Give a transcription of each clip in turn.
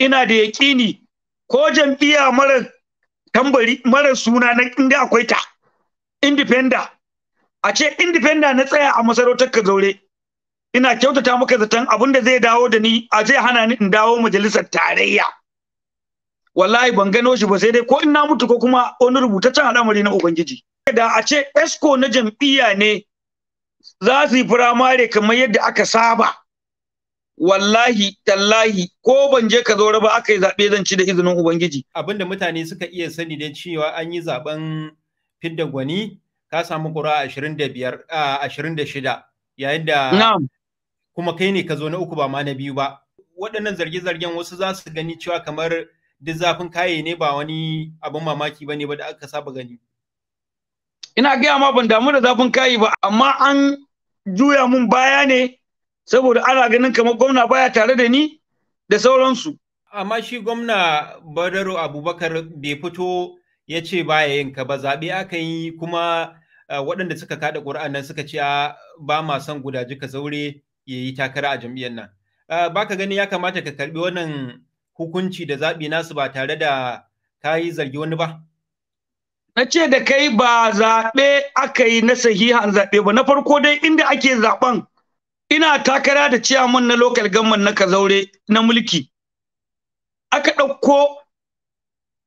ina da yaƙini ko jam'iyya mara tambari mara suna na inda akwai ta indifenda a ce indifenda na tsaya a masarautar ka zaure ina kyautata maka zaton abin da zai dawo da ni a zai hana ni in dawo majalisar tarayya wallahi ban gano shi ba sai dai ko in na mutu ko kuma wani rubutaccen al'amari na ubangiji da a ce esco na jam'iyya ne za su yi firamare kamar yadda aka saba wallahi tallahi ko ban je ka zo ba aka yi zaɓe zan ci da izinin ubangiji abinda mutane suka iya sani da cewa an yi zaben fidda gwani ka samu ƙura ashirin da biyar ashirin da shida yayin da kuma kai ne ka zo na uku ba ma na biyu ba waɗannan zarge-zargen wasu za su gani cewa kamar duk zafin kaye ne ba wani abin mamaki ba ne ba da aka saba gani ina gaya ma ban damu da zafin kayi ba amma an juya mun baya ne saboda ana ganin kamar gwamna baya tare da ni da sauransu. Amma shi gwamna Badaro Abubakar bai fito ya ce baya yin ka ba zaɓe aka yi kuma waɗanda suka kaɗa ƙuri'an nan suka ce ba ma son gudaji ka zaure ya yi takara a jam'iyyar nan. Ba ka gani ya kamata ka karɓi wannan hukunci da zaɓi nasu ba tare da ka yi zargi wani ba? Na ce da kai ba zaɓe aka yi na sahihan zaɓe ba na farko dai inda ake zaɓen ina takara da ciyaman na local government na kazaure na mulki aka ɗauko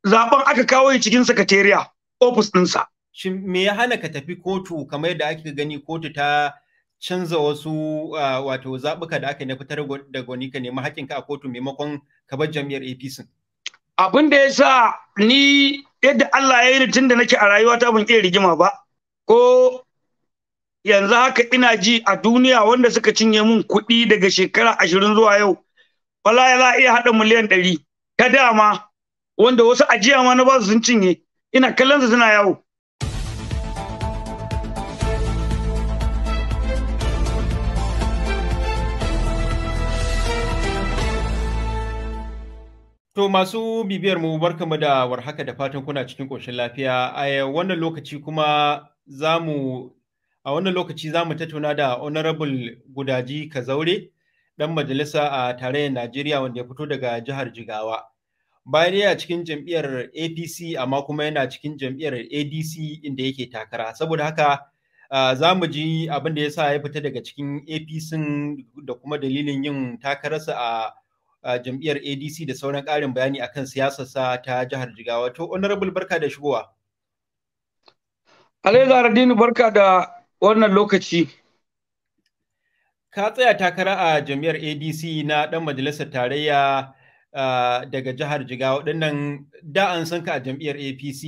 zaben aka kawo shi cikin sakatariya ofis ɗinsa. Shin me ya hana ka tafi kotu kamar yadda ake gani kotu ta canza wasu ah, wato zaɓuka da aka na fitar da gwani ka nemi ka a kotu maimakon ka bar jam'iyyar APC? Abin da ya sa ni yadda Allah ya yi ni tun da nake a rayuwa ta ban iya rigima ba ko yanzu haka ina ji a duniya wanda suka cinye mun kuɗi daga shekara ashirin zuwa yau wala za iya haɗa miliyan ɗari ta dama wanda wasu ajiya ma na basu sun cinye ina kallon su suna yawo To masu bibiyar mu barkamu da warhaka da fatan kuna cikin ƙoshin lafiya a wannan lokaci kuma za mu a wannan lokaci za mu tattauna da honorable gudaji kazaure dan majalisa a tarayyar najeriya wanda ya fito daga jihar jigawa bayan yana cikin jam'iyyar apc amma kuma yana cikin jam'iyyar adc inda yake takara saboda haka za mu ji abin da ya sa ya fita daga cikin apc da kuma dalilin yin takararsa a jam'iyyar adc da sauran ƙarin bayani akan siyasarsa ta jihar jigawa to honorable barka da shigowa Alhaji Zaradini barka da wannan lokaci ka tsaya takara a jami'ar adc na ɗan majalisar tarayya daga jihar Jiga, waɗannan da an san ka a jam'iyyar apc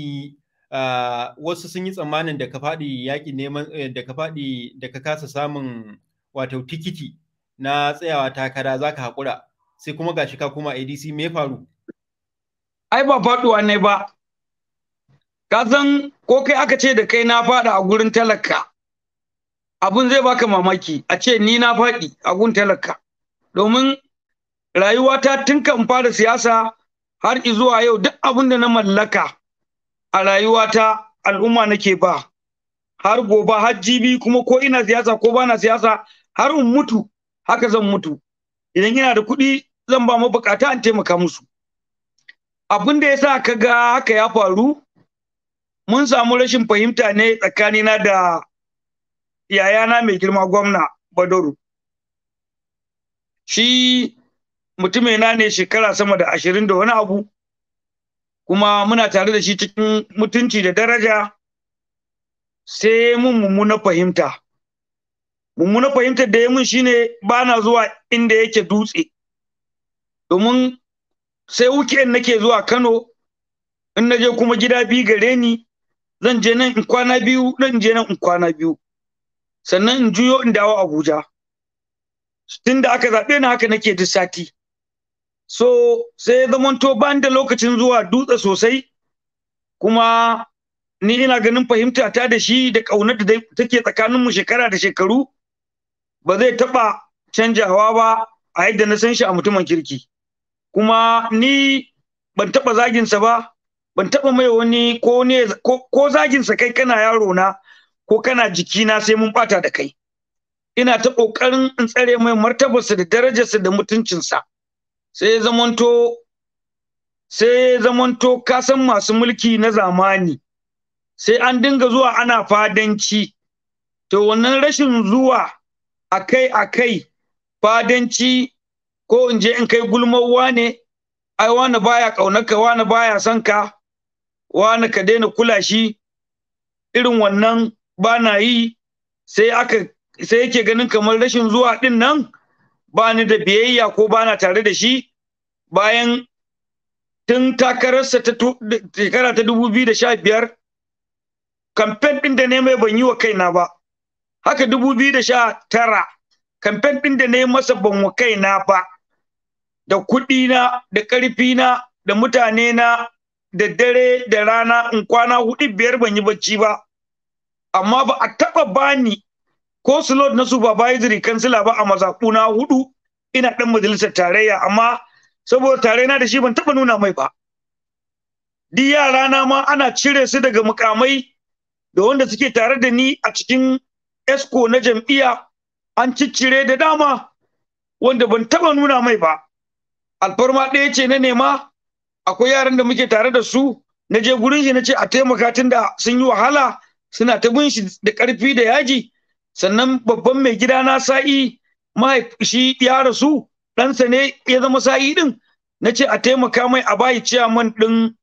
wasu sun yi tsammanin da ka faɗi yaƙi neman eh, da ka faɗi da ka kasa samun wato tikiti na tsayawa takara za ka haƙura sai kuma ga gashi ka kuma adc me faru ai ba faɗuwa ne ba ka san ko kai aka ce da kai na faɗa a gurin talaka abun zai baka mamaki a ce ni na faɗi a gun talaka domin rayuwata tun kan fara siyasa har zuwa yau duk abun da na mallaka a rayuwa ta al'umma nake ba har gobe har jibi kuma ko ina siyasa ko ba na siyasa har in mutu haka zan mutu idan ina da kuɗi zan ba mabukata an taimaka musu Abun da ya sa ka ga haka ya faru mun samu rashin fahimta ne tsakanina da yayana mai girma gwamna Badaru. Shi mutum na ne shekara sama da ashirin da wani abu, kuma muna tare da shi cikin mutunci da daraja sai mun mummuna fahimta. Mummuna fahimtar da ya mun shine ba na zuwa inda yake dutse, domin sai weekend nake zuwa Kano, in na je kuma gida biyu gare ni, zan je nan in kwana biyu, nan je nan in kwana biyu. sannan in juyo in dawo Abuja tun da aka zaɓe ni haka nake duk sati so sai ya zamanto ban da lokacin zuwa dutse sosai kuma ni ina ganin fahimta ta da shi da ƙaunar da take tsakaninmu shekara da shekaru ba zai taɓa canjawa ba a yadda na san shi a mutumin kirki kuma ni ban taɓa zaginsa ba ban taɓa mai wani ko zaginsa kai kana yaro na ko kana jikina sai mun bata da kai ina ta kokarin in tsare mai martabarsa da darajarsa da mutuncinsa sai ya zamanto sai ya zamanto ka san masu mulki na zamani sai an dinga zuwa ana fadanci to wannan rashin zuwa akai akai fadanci ko in je in kai gulmar ne, ai wani baya kaunarka wani baya son ka wane ka daina kula shi irin wannan ba na yi sai aka sai yake ganin kamar rashin zuwa din nan ba ni da biyayya ko ba na tare da shi bayan tun takararsa ta shekara ta dubu biyu da sha biyar kamfen ɗin da ne ban yi wa kaina ba haka dubu biyu da sha tara kamfen ɗin da ne masa ban wa kaina ba da kuɗina da ƙarfina da mutane na da dare da rana in kwana hudu biyar ban yi bacci ba amma ba a taɓa bani ko slot na supervisory kansila ba a mazakuna hudu ina ɗan majalisar tarayya amma saboda tare na da shi ban taɓa nuna mai ba duk yara na ma ana cire su daga mukamai da wanda suke tare da ni a cikin esco na jam'iyya an ciccire da dama wanda ban taɓa nuna mai ba alfarma ɗaya ce na nema akwai yaran da muke tare da su na je gurin shi na ce a taimaka tun da sun yi wahala suna ta bin shi da ƙarfi da yaji sannan babban mai gida na sa'i mahaifi ya rasu ɗansa ne ya zama sa'i ɗin na ce a taimaka mai a bayi man ɗin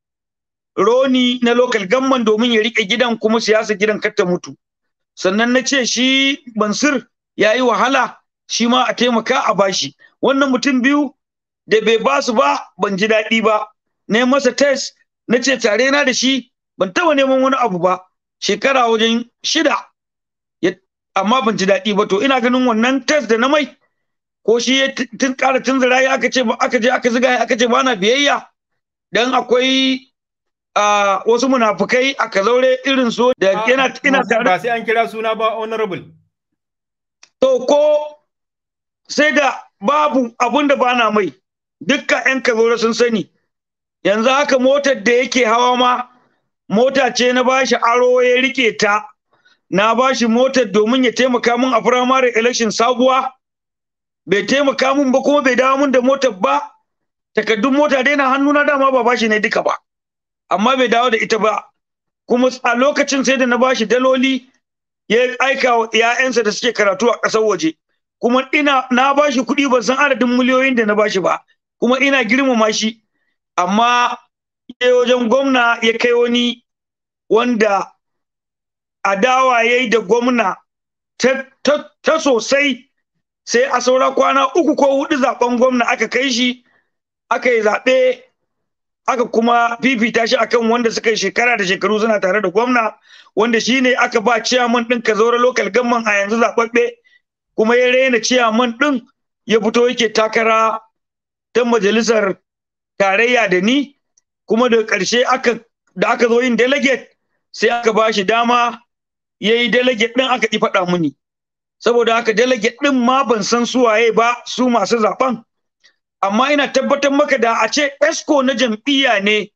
roni na local gamman domin ya riƙe gidan kuma siyasa gidan kar mutu sannan na ce shi bansir ya yi wahala shi ma a taimaka a bashi wannan mutum biyu da bai ba su ba ban ji daɗi ba na masa test na ce tare na da shi ban taɓa neman wani abu ba shekara wajen shida amma ban ji daɗi ba to ina ganin wannan test da na mai ko shi ya tun ƙara tunzura ya aka ce aka je aka ziga aka ce na biyayya dan akwai wasu munafukai a kazaure irin su da yana ina tare ba sai an kira suna ba honorable to ko sai da babu abun da bana mai dukkan yan kazaure sun sani yanzu haka motar da yake hawa ma mota ce na bashi aro ya rike ta na bashi motar domin ya taimaka min a firamare election sabuwa bai taimaka min ba kuma bai dawo mun da motar ba takaddun mota dai na hannu na dama ba bashi ne duka ba amma bai dawo da ita ba kuma a lokacin sai da na bashi daloli ya aika wa ‘ya'yansa da suke karatu a kasar waje kuma ina na bashi kuɗi ban san adadin miliyoyin da na bashi ba kuma ina girmama shi amma je wajen gwamna ya kai wani wanda adawa ya yi da gwamna ta sosai sai a saura kwana uku ko hudu zaben gwamna aka kai shi aka yi zaɓe aka kuma fifita shi akan wanda suka yi shekara da shekaru suna tare da gwamna wanda shi ne aka ba ciyaman ɗin ka zaura lokal gamman a yanzu zaɓaɓɓe kuma ya raina ciyaman ɗin ya fito yake takara ta majalisar tarayya da ni kuma da ƙarshe aka da aka zo yin delegate sai aka ba shi dama ya yi delegate ɗin aka ƙi faɗa muni saboda haka delegate ɗin ma ban san suwaye ba su masu zaɓen amma ina tabbatar maka da a ce esco na jam'iyya ne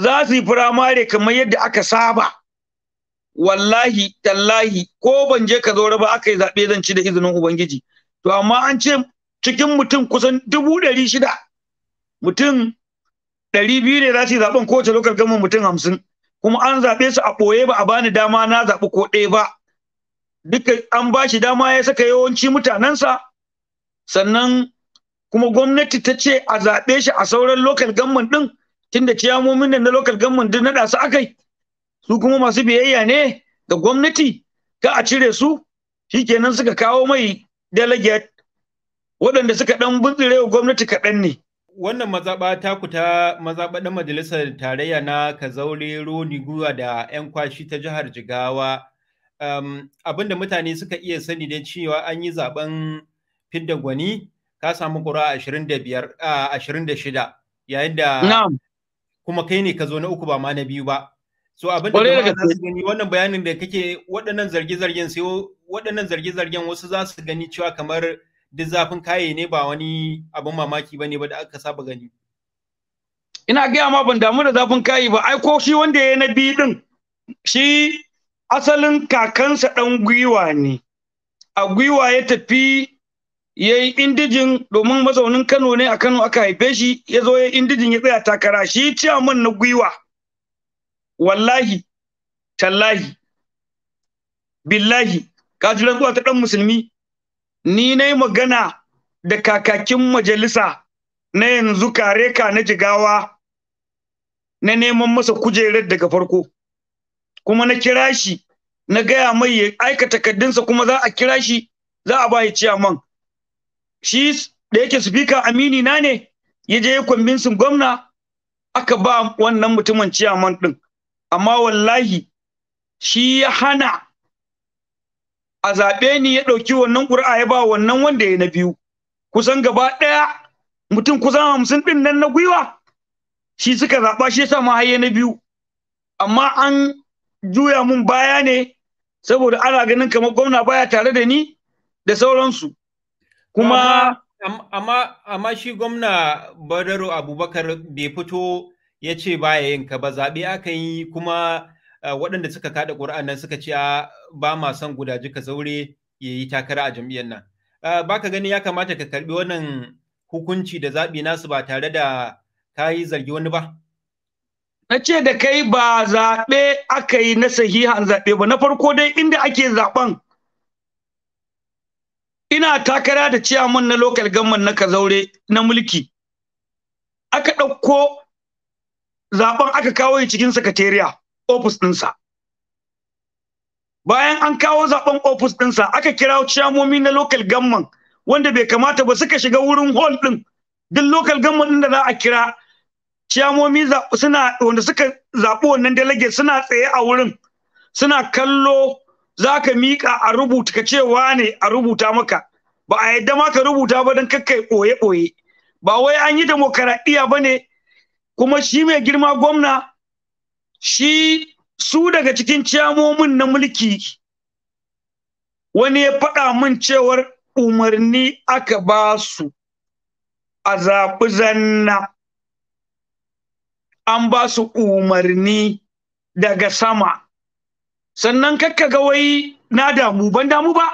za su yi firamare kamar yadda aka saba wallahi tallahi ko ban je ka zo ba aka yi zaɓe zan ci da izinin ubangiji to amma an ce cikin mutum kusan dubu ɗari shida mutum ɗari biyu ne za su yi zaɓen kowace lokal gama mutum hamsin kuma an zaɓe su a ɓoye ba a bani dama na zaɓi ko ɗaya ba duka an ba shi dama ya saka yawanci mutanensa sannan kuma gwamnati ta ce a zaɓe shi a sauran lokal gamman ɗin tunda ciyamomin da na lokal gamman ɗin naɗa su akai su kuma masu biyayya ne ga gwamnati ka a cire su shi shikenan suka kawo mai delegate waɗanda suka ɗan buntsire wa gwamnati kaɗan ne wannan mazaɓa taku ta mazaɓa ɗan majalisar tarayya na kazaure roni guwa da 'yan kwashi ta jihar jigawa um, abinda mutane suka iya sani da cewa an yi zaɓen fidda gwani ka samu ƙura 26 yayin da kuma kai ne ka zo na uku ba ma na biyu ba so abinda da za su gani wannan bayanin da kake waɗannan sai waɗannan zarge-zargen wasu za su gani cewa kamar duk zafin kaye ne ba wani abin mamaki ba ne ba da aka saba gani. Ina gaya ma ban damu da zafin kaye ba, ai ko shi wanda ya na biyu din shi asalin kakansa ɗan gwiwa ne, a gwiwa ya tafi ya yi indijin domin mazaunin Kano ne a Kano aka haife shi ya zo ya indijin ya tsaya takara shi ciyaman na gwiwa. Wallahi, tallahi, billahi, kajiran zuwa ta ɗan musulmi ni na yi magana da kakakin majalisa na yanzu kare ka na jigawa na neman masa kujerar daga farko kuma na kira shi na gaya mai ya aika takardunsa kuma za a kira shi za a bayi ciyaman shi da yake spika amini na ne ya je kwambinsin gwamna aka ba wannan mutumin ciyaman ɗin, amma wallahi shi ya hana a zaɓe ni ya ɗauki wannan ƙuri'a ya ba wannan wanda ya na biyu kusan gaba ɗaya mutum kusan hamsin ɗin nan na gwiwa shi suka zaɓa shi sa ma na biyu amma an juya mun baya ne saboda ana ganin kamar gwamna baya tare da ni da sauransu kuma amma amma shi gwamna Badaro Abubakar bai fito ya ce baya yin ka ba zaɓe aka yi kuma Ah, waɗanda suka kada ƙuri'an nan suka ce ah, ba ma son gudaji ka zaure ya yi takara a jam'iyyar nan ah, ba ka gani ya kamata ka karɓi wannan hukunci da zaɓi nasu ba tare da ka yi zargi wani ba na ce da kai ba zaɓe aka yi na sahihan zaɓe ba na farko dai inda ake zaɓen ina takara da ciyaman na local gamman na kazaure na mulki aka ɗauko zaɓen aka kawo cikin sakatariya ofis ɗinsa. Bayan an kawo zaben ofis ɗinsa aka kira ciyamomi na local gamman wanda bai kamata ba suka shiga wurin hall ɗin duk local gamman ɗin da za a kira ciyamomi suna wanda suka zaɓi wannan delegate suna tsaye a wurin suna kallo za ka miƙa a rubuta ka ce wane a rubuta maka ba a yadda ma ka rubuta ba don kakkai ɓoye-ɓoye ba wai an yi demokaradiyya ba ne kuma shi mai girma gwamna shi su daga cikin ciyamomin na mulki wani ya faɗa min cewar umarni aka ba su a zaɓi zanna an ba su umarni daga sama sannan kakka ga wai na damu ban damu ba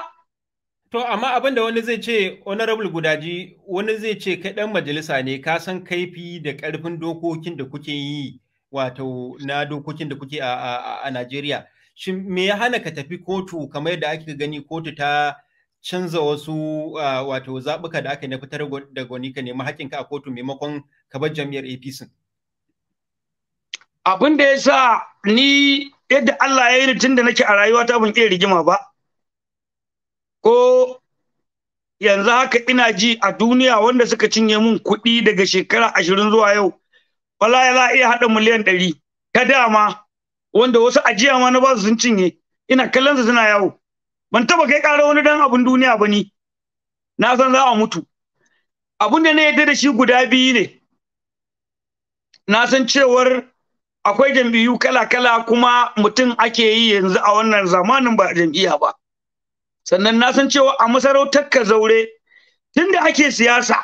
to amma abin da wani zai ce honorable gudaji wani zai ce kai ɗan majalisa ne ka san kaifi da ƙarfin dokokin da kuke yi wato na dokokin da kuke a, a, Najeriya. Shin me ya hana ka tafi kotu kamar yadda ake gani kotu ta canza wasu wato zaɓuka da aka na fitar da gwani ka nemi haƙƙinka a kotu maimakon ka bar jam'iyyar APC? Abin da ya sa ni yadda Allah ya yi tun da nake a ta ban iya rigima ba. Ko yanzu haka ina ji a duniya wanda suka cinye mun kuɗi daga shekara ashirin zuwa yau wallahi za a iya haɗa miliyan ɗari ta dama wanda wasu ajiya ma na ba su sun cinye ina kallon su suna yawo ban taba kai ƙara wani dan abin duniya ba ni na san za a mutu abin da na yadda da shi guda biyu ne na san cewar akwai jam'iyyu kala-kala kuma mutum ake yi yanzu a wannan zamanin ba jam'iyya ba sannan na san cewa a masarautar ka zaure tunda ake siyasa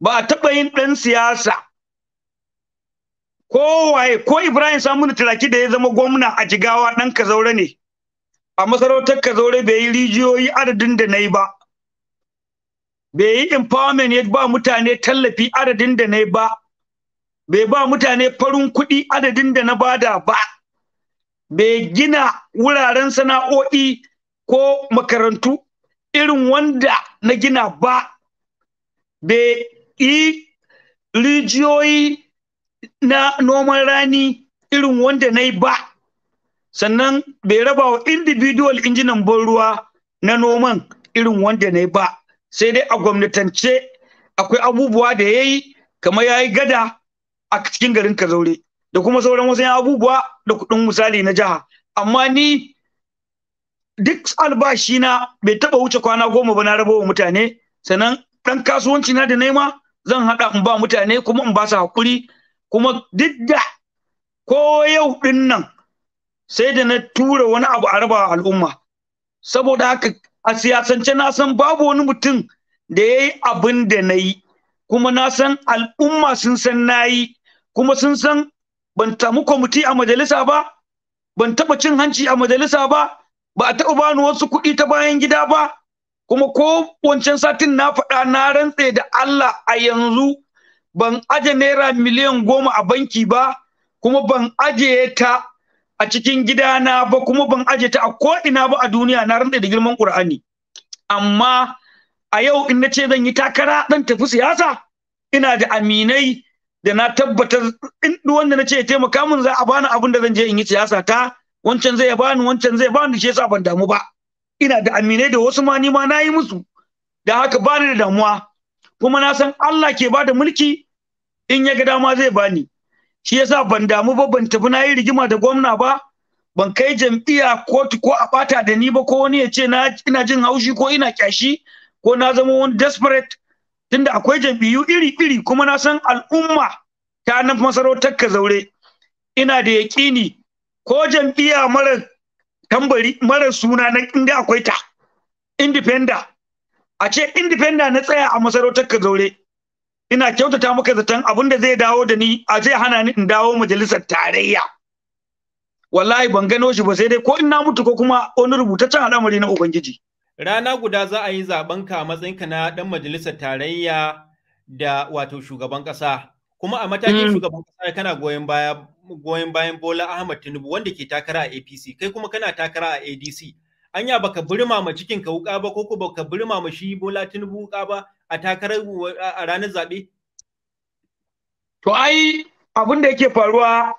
ba a taɓa yin ɗan siyasa kowaye ko Ibrahim Saminu Turaki da ya zama gwamna a Jigawa ɗan zaure ne a masarautar ka zaure bai yi rijiyoyi adadin da na yi ba bai yi empowerment ya ba mutane tallafi adadin da na yi ba bai ba mutane farin kuɗi adadin da na bada ba bai gina wuraren sana'o'i ko makarantu irin wanda na gina ba bai yi rijiyoyi na noman rani irin wanda na yi ba sannan bai raba wa individual injinan ban ruwa na noman irin wanda na yi ba sai dai a gwamnatance akwai abubuwa da ya yi kamar ya yi gada a cikin garin zaure, da kuma sauran wasu abubuwa da kuɗin misali na jiha amma ni duk albashina bai taɓa wuce kwana goma ba na raba wa mutane sannan ɗan kasuwanci na da nema zan haɗa in ba mutane kuma in ba su haƙuri. kuma duk da ko yau din nan sai da na tura wani abu a raba al'umma saboda haka a siyasance na san babu wani mutum da ya yi abin da na yi kuma na san al'umma sun san na yi kuma sun san ban tamu kwamiti a majalisa ba ban taɓa cin hanci a majalisa ba ba a taɓa bani wasu kuɗi ta bayan gida ba kuma ko wancan satin na faɗa na rantse da Allah a yanzu ban aje naira miliyan goma a banki ba kuma ban aje ta a cikin gidana ba kuma ban aje ta a ko'ina ba a duniya na rantsa da girman ƙur'ani amma a yau in na ce zan yi takara dan tafi siyasa ina da aminai da na tabbatar in wanda na ce ya taimaka min za a bani abin da zan je in yi siyasa ta wancan zai bani wancan zai bani shi yasa ban damu ba ina da aminai da wasu ma ni ma na yi musu da haka bani da damuwa kuma na san Allah ke bada mulki in ya ga dama zai bani shi yasa ban damu ba ban tafi na yi rigima da gwamna ba ban kai jam'iyya kotu ko a bata da ni ba ko wani ya ce na ina jin haushi ko ina kyashi ko na zama wani desperate tunda akwai jam'iyyu iri-iri kuma na san al'umma ta nan masarautar ka zaure ina da yaƙini ko jam'iyya mara tambari mara suna na inda akwai ta independent a ce independent na tsaya a masarautar ka zaure ina kyautata maka zaton abin da zai dawo da ni a zai hana ni in dawo majalisar tarayya wallahi ban gano shi ba sai dai ko in na mutu ko kuma wani rubutaccen al'amari na ubangiji rana guda za a yi zaben ka matsayin ka na dan majalisar tarayya da wato shugaban kasa kuma a matakin hmm. shugaban kasa kana goyon baya goyon bayan Bola Ahmad Tinubu wanda ke takara a APC kai kuma kana takara a ADC anya baka burma ma cikin ka wuka ba ko baka burma ma shi Bola Tinubu wuka ba a takarar a ranar zaɓe? To ai abin da yake faruwa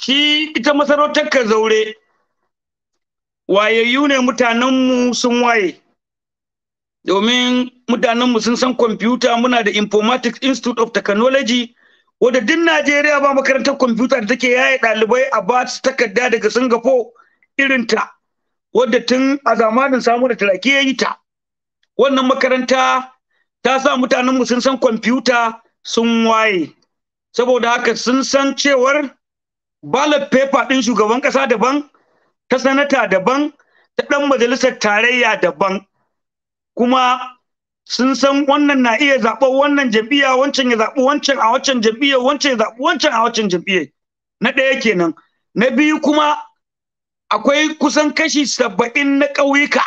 shi ita masarautar ka zaure wayayyu ne mutanenmu sun waye domin mutanenmu sun san kwamfuta muna da informatics institute of technology wadda duk najeriya ba makarantar kwamfuta da take yaye ɗalibai a ba su takarda daga singapore irinta wadda tun a zamanin samu da turaki ya yi ta wannan makaranta ta sa mutanenmu sun san kwamfuta sun waye saboda haka sun san cewar ballot paper ɗin shugaban ƙasa daban ta sanata daban ta ɗan majalisar tarayya daban kuma sun san wannan na iya zaɓar wannan jam'iyya wancan ya zaɓi wancan a wancan jam'iyya wancan ya zaɓi wancan a wancan jam'iyya na ɗaya kenan na biyu kuma akwai kusan kashi saba'in na ƙauyuka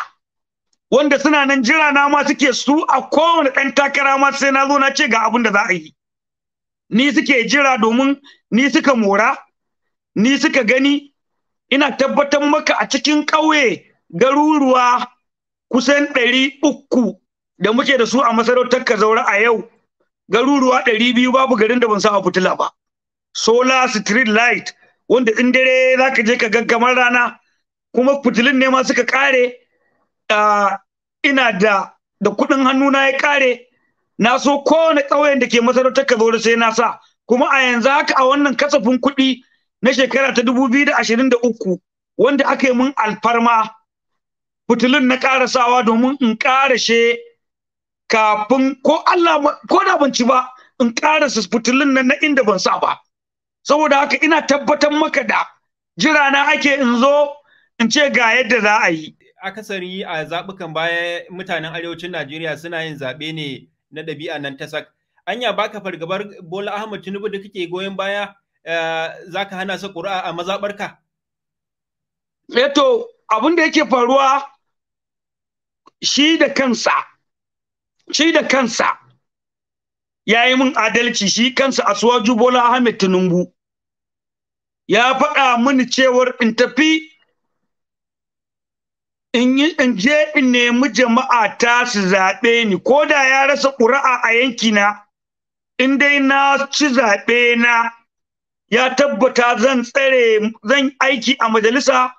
wanda suna nan jira na ma suke su a kowane ɗan takara ma sai na zo na ce ga abin da za a yi ni suke jira domin ni suka mora ni suka gani ina tabbatar maka a cikin ƙauye garuruwa kusan ɗari uku da muke da su a masarautar ka zaura a yau garuruwa ɗari biyu babu garin da ban sa a fitila ba solar street light wanda in dare za ka je ka gaggamar rana kuma fitilin ne ma suka kare. ina da da kuɗin na ya ƙare na so kowane ƙauyen da ke masarautar ka da sai na sa kuma a yanzu haka a wannan kasafin kuɗi na shekara ta dubu biyu da ashirin da uku wanda aka yi mun alfarma fitilun na ƙarasawa domin in ƙarashe kafin ko Allah ko da ban ci ba in ƙarasa fitilun nan na inda ban sa ba saboda haka ina tabbatar maka da jira na ake in zo in ce ga yadda za a yi akasari a zabukan baya mutanen arewacin Najeriya suna yin zaɓe ne na ɗabi'a nan ta sak. Anya baka fargabar Bola Ahmad Tinubu da kake goyon baya eh, za ka hana sa ƙuri'a a mazaɓarka? Eto, eh abin da yake faruwa shi da kansa, shi da kansa ya yi min adalci shi kansa a Bola Ahmed Tinubu. Ya faɗa mini cewar in tafi in je in nemi jama'a ta su zaɓe ni ko da ya rasa ƙuri'a a yankina in dai na ci zaɓe na ya tabbata zan tsare zan aiki a majalisa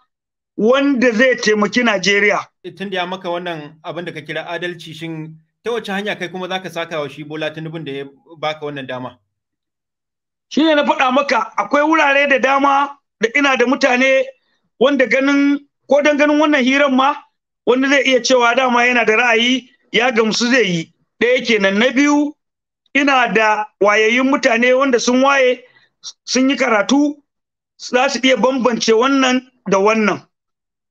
wanda zai taimaki Najeriya. Tun da ya maka wannan abin da ka kira adalci shin ta wace hanya kai kuma zaka saka wa shi Bola Tinubun da ya baka wannan dama? Shi ne na faɗa maka akwai wurare da dama da ina da mutane wanda ganin ko dan ganin wannan hiran ma wani zai iya cewa dama yana da ra'ayi ya gamsu zai yi ɗaya kenan na biyu ina da wayayyun mutane wanda sun waye sun yi karatu za su iya bambance wannan da wannan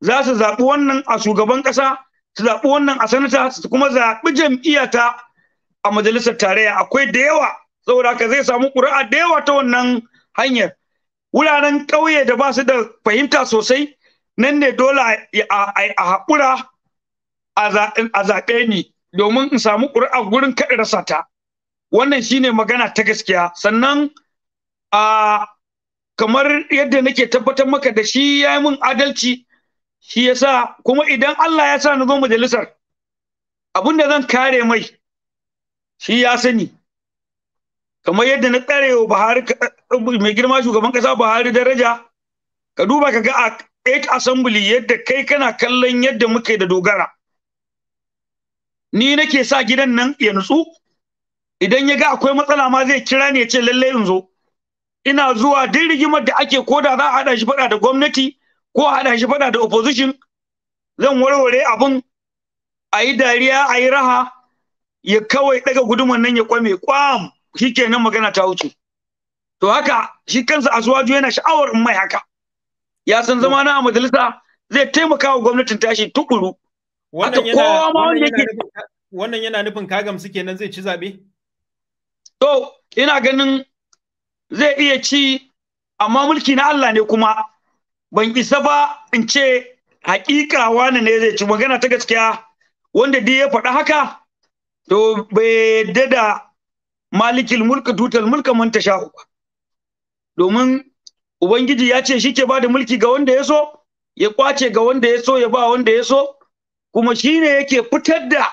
za su zaɓi wannan a shugaban ƙasa su zaɓi wannan a sanata su kuma zaɓi jam'iyyata a majalisar tarayya akwai da yawa saboda haka zai samu ƙuri'a da yawa ta wannan hanyar wuraren ƙauye da ba su da fahimta sosai nan ne dole a haƙura a zaɓe ni domin in samu ƙuri'a gurin kaɗa rasa ta wannan shine magana ta gaskiya sannan a kamar yadda nake tabbatar maka da shi ya yi min adalci shi ya sa kuma idan Allah ya sa na zo majalisar abin da zan kare mai shi ya sani kamar yadda na tsare wa Buhari mai girma shugaban ƙasa Buhari daraja ka duba ka ga eight assembly yadda kai kana kallon yadda muke da dogara ni nake sa gidan nan ya nutsu idan ya ga akwai matsala ma zai kira ni ya ce lalle in zo ina zuwa duk rigimar da ake koda za a haɗa shi faɗa da gwamnati ko a haɗa shi faɗa da opposition zan warware abin a yi dariya a yi raha ya kawai daga gudumar nan ya kwame kwam shikenan magana ta wuce to haka shi kansa asuwaju yana sha'awar in mai haka ya san zama na majalisa zai taimaka wa gwamnatin tashi tukuru haka kowa ma wanda yake wannan yana nufin kagam suke nan zai ci zabe to ina ganin zai iya ci amma mulki na Allah ne kuma ban isa ba in ce hakika wani ne zai ci magana ta gaskiya wanda dai ya faɗa haka to bai dada malikil mulk tutal mulka man ba domin Ubangiji ya ce shi ke ba da mulki ga wanda ya so, ya kwace ga wanda ya so, ya ba wanda ya so, kuma shi ne yake fitar da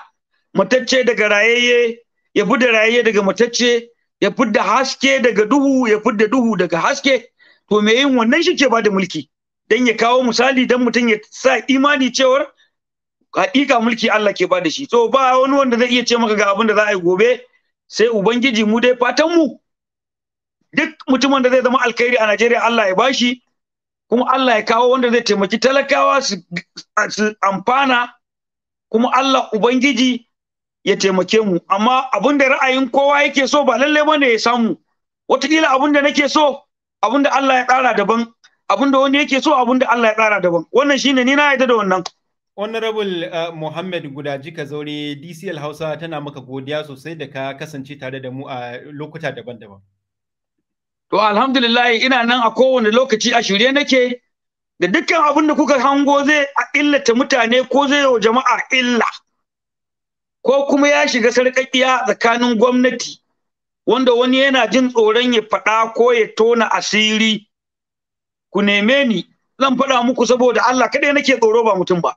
matacce daga rayayye, ya fi da rayayye daga matacce, ya fi da haske daga duhu, ya fi da duhu daga haske. To me yin wannan shi ke ba da mulki? Don ya kawo misali don mutum ya sa imani cewar haƙiƙa mulki Allah ke ba da shi. To ba wani wanda zai iya ce maka ga abin da za a yi gobe, sai Ubangiji mu dai fatan mu duk mutumin da zai zama alkhairi a Najeriya Allah ya bashi kuma Allah ya kawo wanda zai taimaki talakawa su amfana kuma Allah ubangiji ya taimake mu amma abin da ra'ayin kowa yake so ba lallai bane ya samu wataƙila abin da nake so abin da Allah ya tsara daban abin da wani yake so abin da Allah ya tsara daban wannan shine ni na yarda da wannan Honorable uh, Muhammad Gudaji Kazaure DCL Hausa tana maka godiya sosai da ka kasance tare da mu a lokuta daban-daban. To alhamdulillah ina nan a kowane lokaci a shirye nake da dukkan abin da kuka hango zai a illata mutane ko zai wa jama'a illa ko kuma ya shiga sarƙaƙiya tsakanin gwamnati wanda wani yana jin tsoron ya faɗa ko ya tona asiri ku neme ni zan faɗa muku saboda Allah kaɗai nake tsoro ba mutum ba.